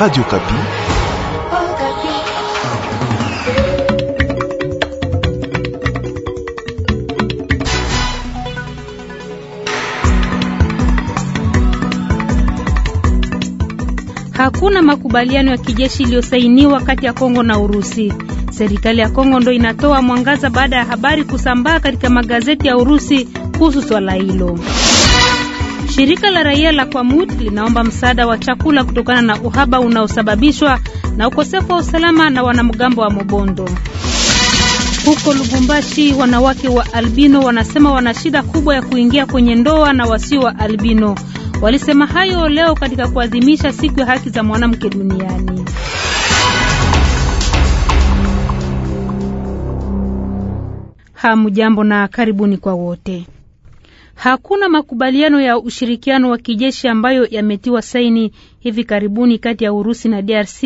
Radio Kapi. Hakuna makubaliano ya kijeshi iliyosainiwa kati ya Kongo na Urusi. Serikali ya Kongo ndo inatoa mwangaza baada ya habari kusambaa katika magazeti ya Urusi kuhusu swala hilo. Shirika la raia la Kwamut linaomba msaada wa chakula kutokana na uhaba unaosababishwa na ukosefu wa usalama na wanamgambo wa Mobondo. Huko Lubumbashi, wanawake wa albino wanasema wana shida kubwa ya kuingia kwenye ndoa na wasio wa albino. Walisema hayo leo katika kuadhimisha siku ya haki za mwanamke duniani. Hamjambo na karibuni kwa wote. Hakuna makubaliano ya ushirikiano wa kijeshi ambayo yametiwa saini hivi karibuni kati ya Urusi na DRC.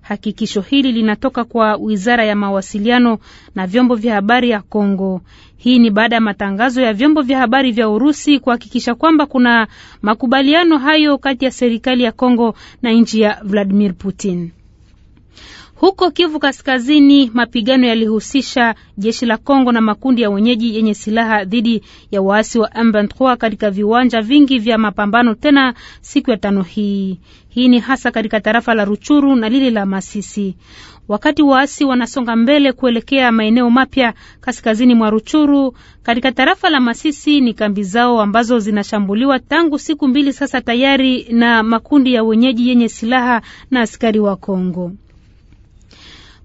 Hakikisho hili linatoka kwa Wizara ya Mawasiliano na Vyombo vya Habari ya congo Hii ni baada ya matangazo ya vyombo vya habari vya Urusi kuhakikisha kwamba kuna makubaliano hayo kati ya serikali ya congo na nchi ya Vladimir Putin. Huko Kivu Kaskazini, mapigano yalihusisha jeshi la Kongo na makundi ya wenyeji yenye silaha dhidi ya waasi wa M23 katika viwanja vingi vya mapambano tena siku ya tano hii. Hii ni hasa katika tarafa la Ruchuru na lile la Masisi. Wakati waasi wanasonga mbele kuelekea maeneo mapya kaskazini mwa Ruchuru, katika tarafa la Masisi ni kambi zao ambazo zinashambuliwa tangu siku mbili sasa tayari na makundi ya wenyeji yenye silaha na askari wa Kongo.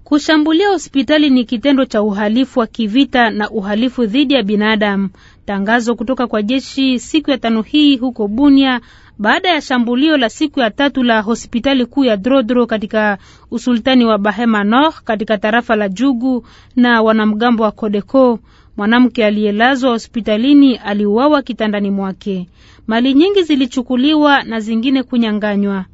Kushambulia hospitali ni kitendo cha uhalifu wa kivita na uhalifu dhidi ya binadamu. Tangazo kutoka kwa jeshi siku ya tano hii huko Bunia baada ya shambulio la siku ya tatu la hospitali kuu ya Drodro katika usultani wa Bahema Nord katika tarafa la Jugu na wanamgambo wa Kodeko. Mwanamke aliyelazwa hospitalini aliuawa kitandani mwake. Mali nyingi zilichukuliwa na zingine kunyang'anywa.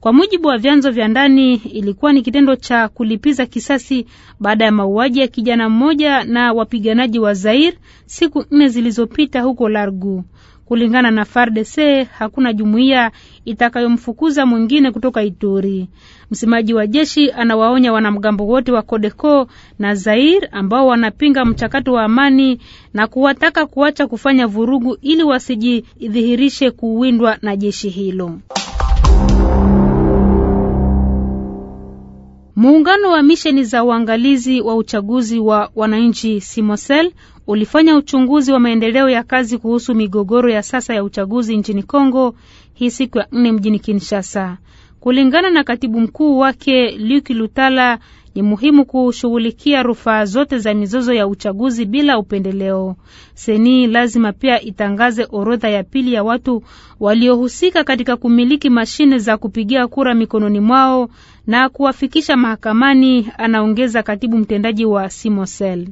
Kwa mujibu wa vyanzo vya ndani, ilikuwa ni kitendo cha kulipiza kisasi baada ya mauaji ya kijana mmoja na wapiganaji wa Zair siku nne zilizopita huko Largu. Kulingana na FARDC, hakuna jumuiya itakayomfukuza mwingine kutoka Ituri. Msemaji wa jeshi anawaonya wanamgambo wote wa Codeco na Zair ambao wanapinga mchakato wa amani na kuwataka kuacha kufanya vurugu ili wasijidhihirishe kuwindwa na jeshi hilo. Muungano wa misheni za uangalizi wa uchaguzi wa wananchi Simosel ulifanya uchunguzi wa maendeleo ya kazi kuhusu migogoro ya sasa ya uchaguzi nchini Kongo hii siku ya nne mjini Kinshasa. Kulingana na katibu mkuu wake Luk Lutala, ni muhimu kushughulikia rufaa zote za mizozo ya uchaguzi bila upendeleo. Seni lazima pia itangaze orodha ya pili ya watu waliohusika katika kumiliki mashine za kupigia kura mikononi mwao na kuwafikisha mahakamani, anaongeza katibu mtendaji wa Simosel.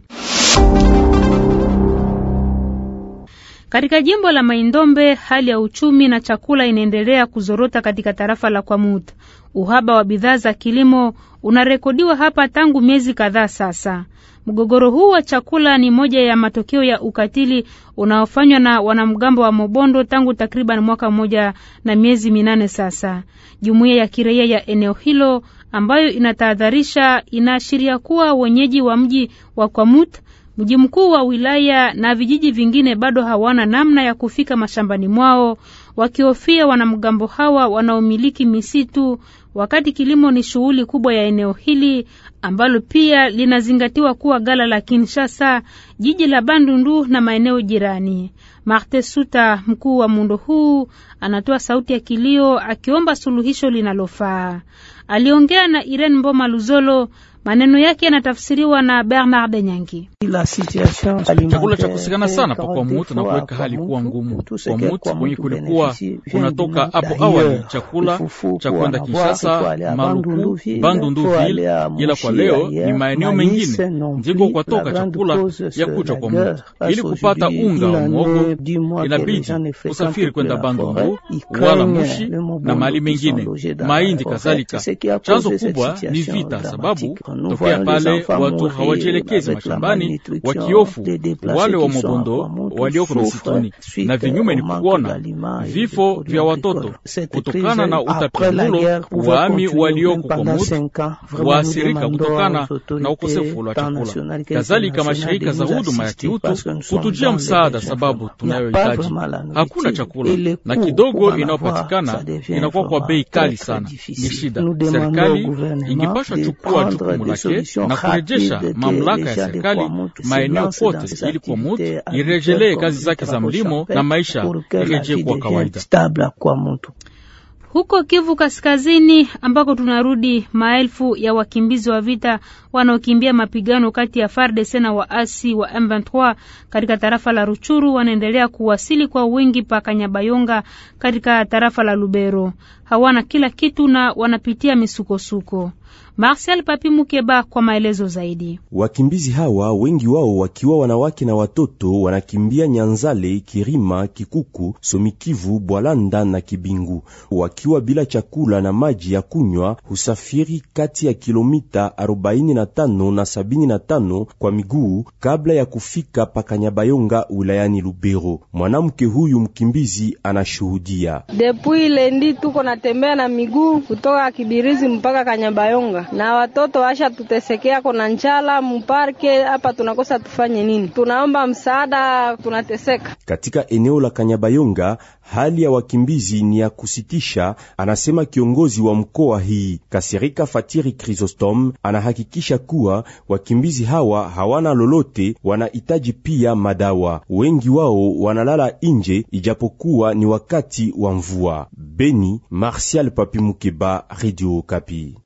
Katika jimbo la Maindombe hali ya uchumi na chakula inaendelea kuzorota katika tarafa la Kwamuta. Uhaba wa bidhaa za kilimo unarekodiwa hapa tangu miezi kadhaa sasa. Mgogoro huu wa chakula ni moja ya matokeo ya ukatili unaofanywa na wanamgambo wa Mobondo tangu takriban mwaka mmoja na miezi minane sasa. Jumuiya ya kiraia ya eneo hilo ambayo inatahadharisha, inaashiria kuwa wenyeji wa mji wa Kwamut, mji mkuu wa wilaya, na vijiji vingine bado hawana namna ya kufika mashambani mwao wakihofia wanamgambo hawa wanaomiliki misitu, wakati kilimo ni shughuli kubwa ya eneo hili ambalo pia linazingatiwa kuwa gala la Kinshasa jiji la Bandundu na maeneo jirani. Marte Suta, mkuu wa muundo huu, anatoa sauti ya kilio akiomba suluhisho linalofaa. Aliongea na Irene Mboma Luzolo. Maneno yake yanatafsiriwa na Bernard Nyangi. Chakula cha kusikana sana pa kwa mutu na kuweka hali kuwa ngumu kwa mutu kwenye kulikuwa kunatoka hapo awali chakula cha kwenda Kinshasa, Maluku, Bandundu ville, ila kwa leo ni maeneo mengine ndiko kwatoka chakula ya kucha kwa mutu. Ili kupata unga wa mwogo inabidi kusafiri kwenda bandungu wala Mushi na mali mengine, mahindi kadhalika. Chanzo kubwa ni vita, sababu tokea pale watu hawajielekezi mashambani, wakiofu wale wa mobondo walioko misituni, na vinyume ni kuona vifo vya watoto kutokana na utapimulo waami walioko kwa mutu, waasirika kutokana na ukosefu wa chakula, kadhalika mashirika za huduma ya kiutu kutujia msaada, sababu tunayohitaji hakuna chakula na kidogo inayopatikana inakuwa kwa bei kali sana. Ni shida. Serikali ingepashwa chukua jukumu lake na kurejesha mamlaka ya serikali maeneo kote, ili kwa mutu irejelee kazi zake za mlimo na maisha irejee kwa kawaida. Huko Kivu Kaskazini ambako tunarudi, maelfu ya wakimbizi wa vita wanaokimbia mapigano kati ya FARDC na waasi wa M23 katika tarafa la Ruchuru wanaendelea kuwasili kwa wingi pa Kanyabayonga katika tarafa la Lubero. Hawana kila kitu na wanapitia misukosuko. Marcel Papi Mukeba kwa maelezo zaidi. Wakimbizi hawa wengi wao wakiwa wanawake na watoto wanakimbia Nyanzale, Kirima, Kikuku, Somikivu, Bwalanda na Kibingu wakiwa bila chakula na maji ya kunywa, husafiri kati ya kilomita 45 na 75 kwa miguu kabla ya kufika Pakanyabayonga wilayani Lubero. Mwanamke huyu mkimbizi anashuhudia: Depuis lendi tuko natembea na miguu kutoka Kibirizi mpaka Kanyabayonga kalonga na watoto washa tutesekea, kona njala mparke hapa, tunakosa tufanye nini? Tunaomba msaada, tunateseka. Katika eneo la Kanyabayonga hali ya wakimbizi ni ya kusitisha, anasema kiongozi wa mkoa hii Kasirika Fatiri Chrysostom. Anahakikisha kuwa wakimbizi hawa hawana lolote, wanahitaji pia madawa. Wengi wao wanalala nje ijapokuwa ni wakati wa mvua. Beni, Martial Papi Mukeba, Radio Kapi.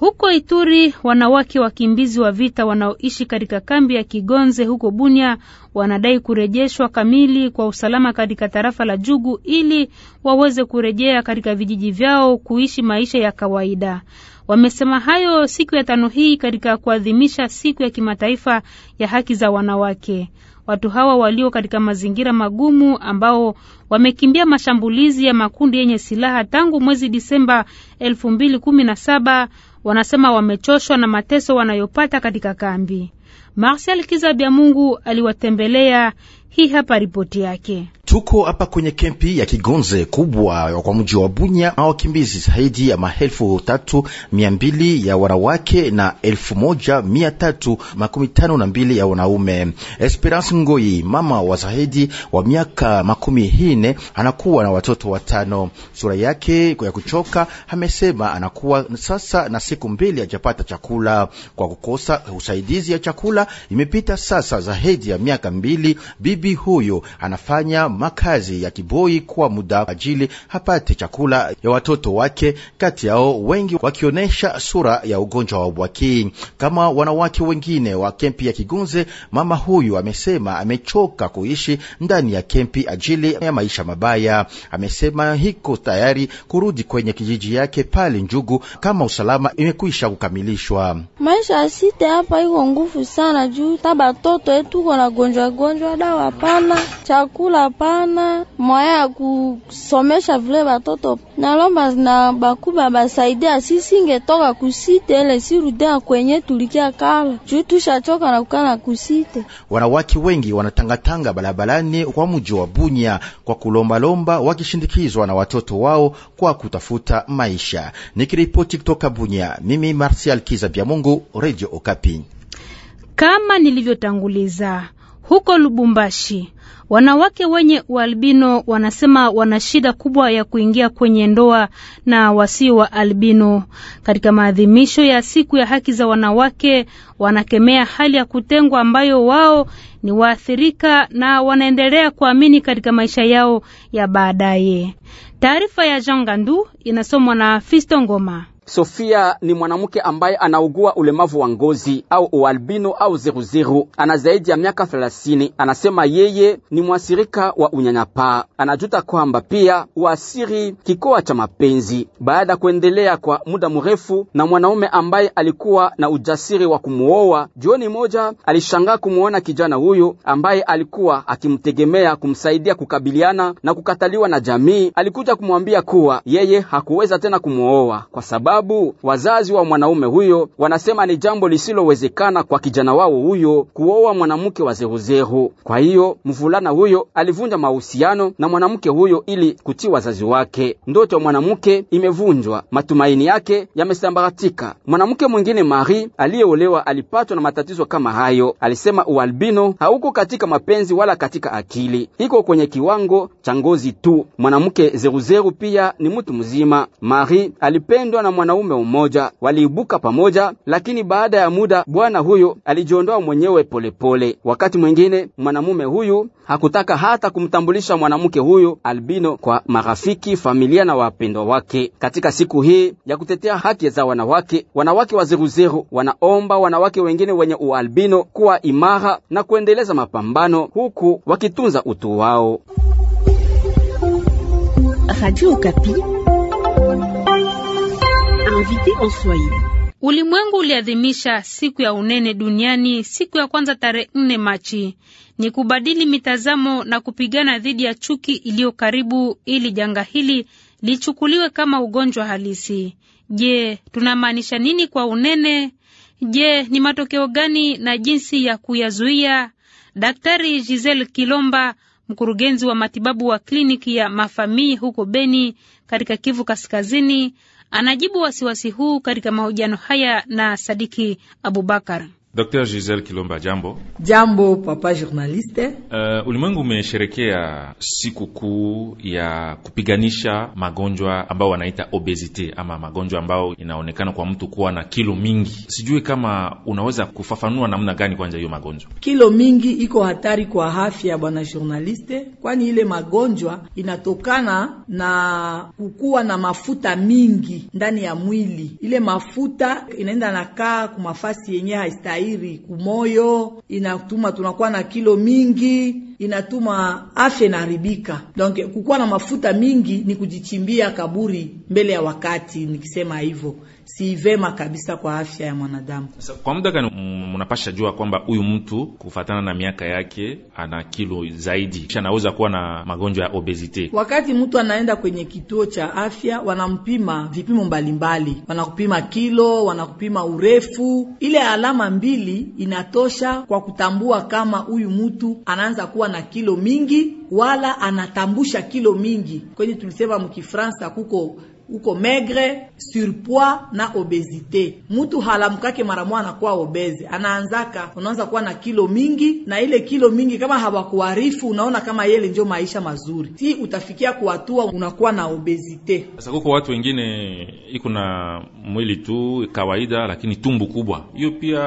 Huko Ituri, wanawake wakimbizi wa vita wanaoishi katika kambi ya Kigonze huko Bunia wanadai kurejeshwa kamili kwa usalama katika tarafa la Jugu ili waweze kurejea katika vijiji vyao kuishi maisha ya kawaida. Wamesema hayo siku ya tano hii katika kuadhimisha siku ya kimataifa ya haki za wanawake. Watu hawa walio katika mazingira magumu ambao wamekimbia mashambulizi ya makundi yenye silaha tangu mwezi Disemba elfu mbili kumi na saba Wanasema wamechoshwa na mateso wanayopata katika kambi. Marcel kizabia Mungu aliwatembelea hii hapa ripoti yake. Tuko hapa kwenye kempi ya Kigonze kubwa kwa mji wa Bunya, wakimbizi zaidi ya maelfu tatu mia mbili ya wanawake na elfu moja mia tatu makumi tano na mbili ya wanaume. Esperance Ngoi, mama wa zaidi wa miaka makumi hine, anakuwa na watoto watano. Sura yake ya kuchoka, amesema anakuwa sasa na siku mbili hajapata chakula kwa kukosa usaidizi ya chakula. Imepita sasa zaidi ya miaka mbili. Bibi bibi huyu anafanya makazi ya kiboi kwa muda ajili hapate chakula ya watoto wake, kati yao wengi wakionyesha sura ya ugonjwa wa bwaki kama wanawake wengine wa kempi ya Kigunze. Mama huyu amesema amechoka kuishi ndani ya kempi ajili ya maisha mabaya. Amesema hiko tayari kurudi kwenye kijiji yake pale Njugu kama usalama imekwisha kukamilishwa. Maisha asite hapa iko nguvu sana juu tabatoto etuko na gonjwa gonjwa dawa hapana, chakula hapana, mwaya ya kusomesha vile batoto. Nalomba na bakuba basaidia sisi, ngetoka kusite ele sirudia kwenye tulikia kala juu tushachoka na kukana kusite. Wanawake wengi wanatangatanga barabarani kwa mji wa Bunya kwa kulombalomba, wakishindikizwa na watoto wao kwa kutafuta maisha. Nikiripoti kutoka Bunya, mimi Martial Kiza Bya Mungu, Radio Okapi. Kama nilivyotanguliza huko Lubumbashi, wanawake wenye ualbino wanasema wana shida kubwa ya kuingia kwenye ndoa na wasio wa albino. Katika maadhimisho ya siku ya haki za wanawake, wanakemea hali ya kutengwa ambayo wao ni waathirika na wanaendelea kuamini katika maisha yao ya baadaye. Taarifa ya Jean Gandu inasomwa na Fisto Ngoma. Sofia ni mwanamke ambaye anaugua ulemavu wa ngozi au ualbino au zeruzeru. Ana zaidi ya miaka 30. Anasema yeye ni mwasirika wa unyanyapaa. Anajuta kwamba pia uasiri kikoa cha mapenzi baada ya kuendelea kwa muda mrefu na mwanaume ambaye alikuwa na ujasiri wa kumuoa Jioni moja alishangaa kumwona kijana huyu ambaye alikuwa akimtegemea kumsaidia kukabiliana na kukataliwa na jamii. Alikuja kumwambia kuwa yeye hakuweza tena kumuoa kwa sababu sababu wazazi wa mwanaume huyo wanasema ni jambo lisilowezekana kwa kijana wao huyo kuoa mwanamke wa zehuzehu. Kwa hiyo mvulana huyo alivunja mahusiano na mwanamke huyo ili kutii wazazi wake. Ndoto ya mwanamke imevunjwa, matumaini yake yamesambaratika. Mwanamke mwingine Marie aliyeolewa alipatwa na matatizo kama hayo. Alisema ualbino hauko katika mapenzi wala katika akili, iko kwenye kiwango cha ngozi tu. Mwanamke zeruzeru pia ni mtu mzima. Marie alipendwa na mwana mwanaume mmoja waliibuka pamoja, lakini baada ya muda bwana huyu alijiondoa mwenyewe polepole pole. Wakati mwingine mwanamume huyu hakutaka hata kumtambulisha mwanamke huyu albino kwa marafiki, familia na wapendwa wake. Katika siku hii ya kutetea haki za wanawake, wanawake wa zeruzeru wanaomba wanawake wengine wenye ualbino kuwa imara na kuendeleza mapambano huku wakitunza utu wao. Radio Ulimwengu uliadhimisha siku ya unene duniani siku ya kwanza tarehe 4 Machi. Ni kubadili mitazamo na kupigana dhidi ya chuki iliyo karibu ili janga hili lichukuliwe kama ugonjwa halisi. Je, tunamaanisha nini kwa unene? Je, ni matokeo gani na jinsi ya kuyazuia? Daktari Giselle Kilomba, mkurugenzi wa matibabu wa kliniki ya Mafamii huko Beni katika Kivu Kaskazini, Anajibu wasiwasi huu katika mahojiano haya na Sadiki Abubakar. Dr. Giselle Kilomba, jambo. Jambo papa journaliste. Uh, ulimwengu umesherekea siku kuu ya kupiganisha magonjwa ambao wanaita obesity ama magonjwa ambao inaonekana kwa mtu kuwa na kilo mingi. Sijui kama unaweza kufafanua namna gani kwanza hiyo magonjwa. Kilo mingi iko hatari kwa afya bwana journaliste, kwani ile magonjwa inatokana na kukuwa na mafuta mingi ndani ya mwili. Ile mafuta inaenda nakaa kumafasi yenye haistai shairi kumoyo, inatuma tunakuwa na kilo mingi, inatuma afya inaharibika. Donc kukuwa na mafuta mingi ni kujichimbia kaburi mbele ya wakati, nikisema hivyo si vema kabisa kwa afya ya mwanadamu. Kwa muda gani mnapasha jua kwamba huyu mtu kufatana na miaka yake ana kilo zaidi, kisha anaweza kuwa na magonjwa ya obesite? Wakati mtu anaenda kwenye kituo cha afya, wanampima vipimo mbalimbali, wanakupima kilo, wanakupima urefu. Ile alama mbili inatosha kwa kutambua kama huyu mtu anaanza kuwa na kilo mingi wala anatambusha kilo mingi. Kwenye tulisema mkifransa kuko uko maigre, surpois na obesité Mtu halamukake mara moja anakuwa obese anaanzaka unaanza kuwa na kilo mingi, na ile kilo mingi kama hawakuarifu, unaona kama yele ndio maisha mazuri, si utafikia kuatua unakuwa na obezite. Sasa kuko watu wengine iko na mwili tu kawaida, lakini tumbu kubwa, hiyo pia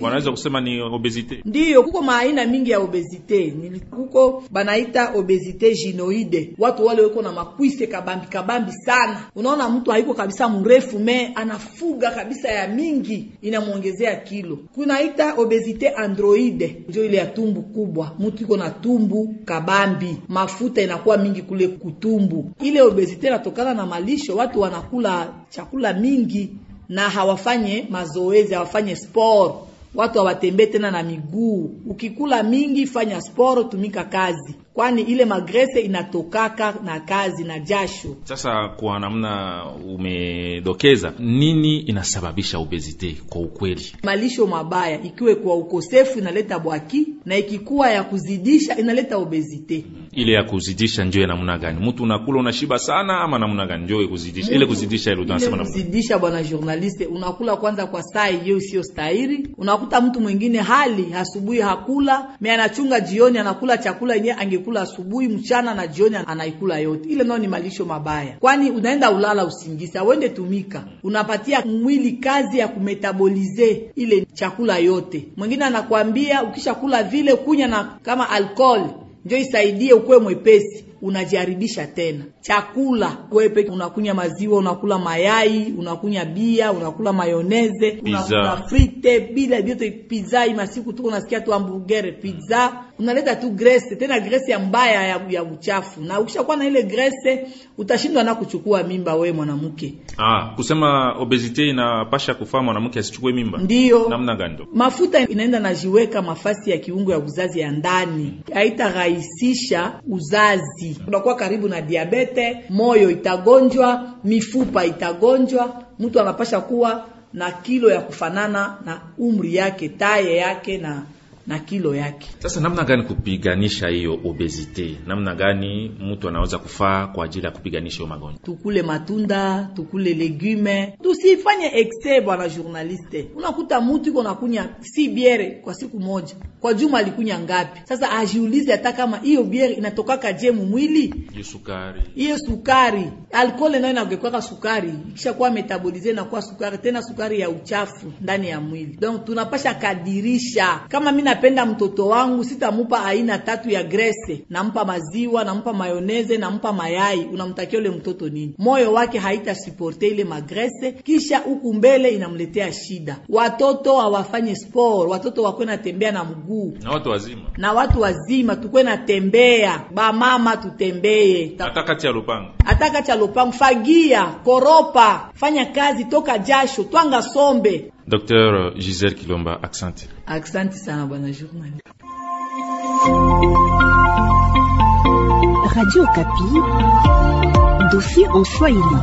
wanaweza kusema ni obezite. ndio kuko maaina mingi ya obezite, kuko banaita obesité ginoide, watu wale wako na makwise kabambi kabambi sana una unaona mtu haiko kabisa mrefu me anafuga kabisa ya mingi, inamwongezea kilo. Kunaita obesite androide, ndio ile ya tumbu kubwa. Mtu iko na tumbu kabambi, mafuta inakuwa mingi kule kutumbu. Ile obesite inatokana na malisho, watu wanakula chakula mingi na hawafanye mazoezi, hawafanye sport watu hawatembee tena na miguu. Ukikula mingi, fanya sport, tumika kazi, kwani ile magrese inatokaka na kazi na jasho. Sasa kwa namna umedokeza, nini inasababisha obezite? Kwa ukweli malisho mabaya, ikiwe kwa ukosefu inaleta bwaki na ikikuwa ya kuzidisha inaleta obezite. Ile ya kuzidisha ndio namna gani? Mtu unakula unashiba sana ama namna gani? Ndio kuzidisha ile kuzidisha ile tunasema namna kuzidisha. Bwana journaliste, unakula kwanza kwa saa hiyo sio stahili. Unakuta mtu mwingine hali asubuhi hakula me anachunga jioni, anakula chakula yenyewe angekula asubuhi, mchana na jioni anaikula yote ile, nao ni malisho mabaya, kwani unaenda ulala usingizi, uende tumika, unapatia mwili kazi ya kumetabolize ile chakula yote. Mwingine anakwambia ukishakula vile kunya na kama alcohol njo isaidie ukuwe mwepesi, unajiharibisha tena. Chakula wepe, unakunya maziwa, unakula mayai, unakunya bia, unakula mayoneze, unakula frite bila vyote, pizza. Imasiku tu unasikia tu hamburger, pizza unaleta tu grace, tena grace ya mbaya ya, ya uchafu, na ukishakuwa na ile grace utashindwa na kuchukua mimba we mwanamke. Ah, kusema obesity inapasha kufaa mwanamke asichukue mimba, ndio namna gani? Mafuta inaenda najiweka mafasi ya kiungo ya uzazi ya ndani, haitarahisisha uzazi, unakuwa karibu na diabete, moyo itagonjwa, mifupa itagonjwa. Mtu anapasha kuwa na kilo ya kufanana na umri yake, taye yake na na kilo yake. Sasa namna gani kupiganisha hiyo obezite? Namna gani mtu anaweza kufaa kwa ajili ya kupiganisha hiyo magonjwa? Tukule matunda, tukule legume, tusifanye excès. Bwana journaliste, unakuta mtu iko nakunya si biere kwa siku moja, kwa juma alikunya ngapi? Sasa ajiulize hata kama hiyo biere inatokaka je mumwili, hiyo sukari, hiyo sukari, alkole nayo inagekwaka sukari, ikishakuwa metabolize na kuwa sukari, tena sukari ya uchafu ndani ya mwili. Donc tunapasha kadirisha kama mimi napenda mtoto wangu, sitamupa aina tatu ya grese, nampa maziwa, nampa mayoneze, nampa mayai. Unamtakia ule mtoto nini? Moyo wake haita supporte ile magrese, kisha huku mbele inamletea shida. Watoto hawafanye sport, watoto na natembea na mguu, na watu wazima, na watu wazima tukuwe natembea, bamama tutembee, hata kati ya lopango, hata kati ya lopango, fagia koropa, fanya kazi, toka jasho, twanga sombe Dr. Euh, Gisèle Kilomba, asante. ça va, bonne journée. Radio Kapi, Dofi en Swahili.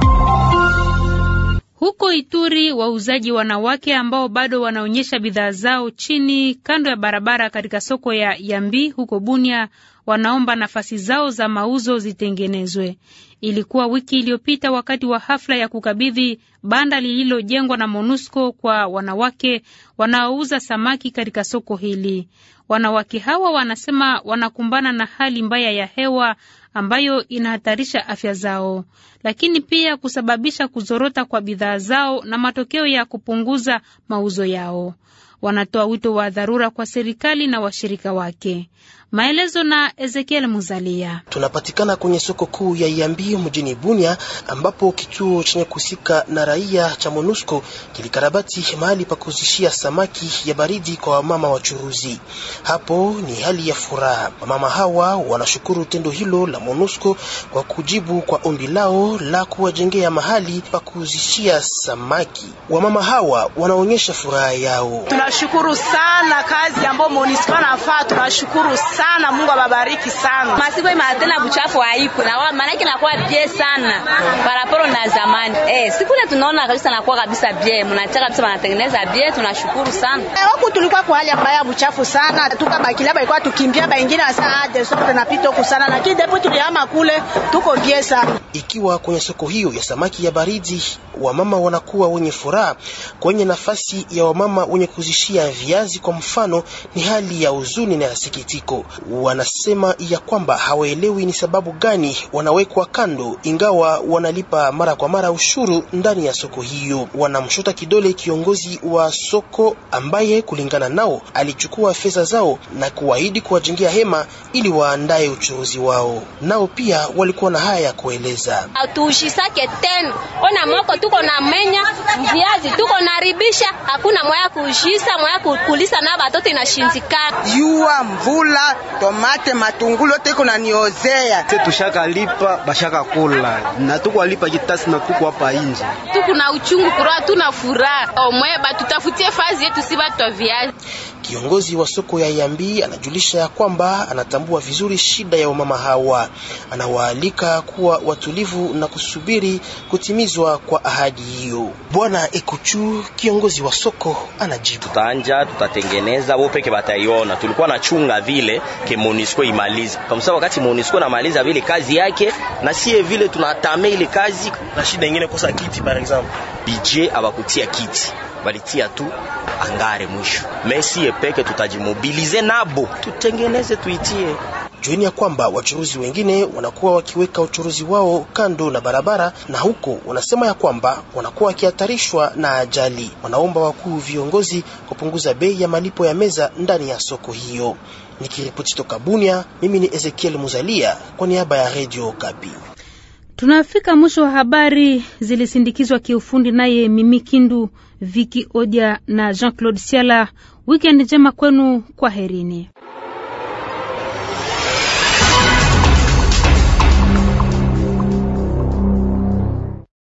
Huko Ituri wauzaji wanawake ambao bado wanaonyesha bidhaa zao chini kando ya barabara katika soko ya Yambi huko Bunia wanaomba nafasi zao za mauzo zitengenezwe. Ilikuwa wiki iliyopita wakati wa hafla ya kukabidhi banda lililojengwa na MONUSCO kwa wanawake wanaouza samaki katika soko hili. Wanawake hawa wanasema wanakumbana na hali mbaya ya hewa ambayo inahatarisha afya zao, lakini pia kusababisha kuzorota kwa bidhaa zao na matokeo ya kupunguza mauzo yao. Wanatoa wito wa dharura kwa serikali na washirika wake. Maelezo na Ezekiel Muzalia. Tunapatikana kwenye soko kuu ya Iambio mjini Bunia, ambapo kituo chenye kuhusika na raia cha MONUSCO kilikarabati mahali pa kuzishia samaki ya baridi kwa wamama wachuruzi. Hapo ni hali ya furaha. Wamama hawa wanashukuru tendo hilo la MONUSCO kwa kujibu kwa ombi lao la kuwajengea mahali pa kuzishia samaki. Wamama hawa wanaonyesha furaha yao. Tunashukuru sana kazi ambayo MONUSCO anafaa, tunashukuru sana sana, Mungu awabariki sana. Masiko ima tena buchafu haipo na wao, maana yake inakuwa bie sana paraporo na zamani. Eh, siku ile tunaona kabisa nakuwa kabisa bie, mnataka kabisa wanatengeneza bie, tunashukuru sana. Eh, huko tulikuwa kwa hali mbaya buchafu sana, tuka tukabaki labda ilikuwa tukimbia baingine saa ade sote tunapita huko sana, lakini depo tuliama kule tuko bie sana. Ikiwa kwenye soko hiyo ya samaki ya baridi, wamama wanakuwa wenye furaha. Kwenye nafasi ya wamama wenye kuzishia viazi kwa mfano, ni hali ya huzuni na ya sikitiko wanasema ya kwamba hawaelewi ni sababu gani wanawekwa kando, ingawa wanalipa mara kwa mara ushuru ndani ya soko hiyo. Wanamshuta kidole kiongozi wa soko ambaye kulingana nao alichukua fedha zao na kuahidi kuwajengia hema ili waandae uchuruzi wao. Nao pia walikuwa na haya ya kueleza: hatuushisake tena ona moko tuko na menya viazi tuko na ribisha, hakuna mwaya kuushisa mwaya kukulisa na batoto inashinzikana, jua mvula tomate matungulu teko na niozea Sisi tushaka lipa bashaka kula na tuko alipa kitasi na tuko hapa inje tuko na uchungu kuroa tuna furaha omwe batutafutie fazi yetu si batu viazi Kiongozi wa soko ya Yambi anajulisha ya kwamba anatambua vizuri shida ya wamama hawa, anawaalika kuwa watulivu na kusubiri kutimizwa kwa ahadi hiyo. Bwana Ekuchu, kiongozi wa soko, anajibu: tutaanja, tutatengeneza, wao peke bataiona. Tulikuwa nachunga vile ke Monisco kwa kamsa, wakati Monisco namaliza vile kazi yake, na sie vile tunatame ile kazi na shida nyingine kosa kiti par exemple bije abakutia kiti balitia tu angare mwisho. Mesi epeke tutajimobilize nabo tutengeneze tuitie jueni ya kwamba wachuruzi wengine wanakuwa wakiweka uchuruzi wao kando na barabara, na huko wanasema ya kwamba wanakuwa wakihatarishwa na ajali. Wanaomba wakuu viongozi kupunguza bei ya malipo ya meza ndani ya soko hiyo. Nikiripoti toka Bunia, mimi ni Ezekiel Muzalia kwa niaba ya Radio Kapi. Tunafika mwisho wa habari, zilisindikizwa kiufundi naye Mimi Kindu, Viki Odia na Jean Claude Siala. Wikendi njema kwenu, kwa herini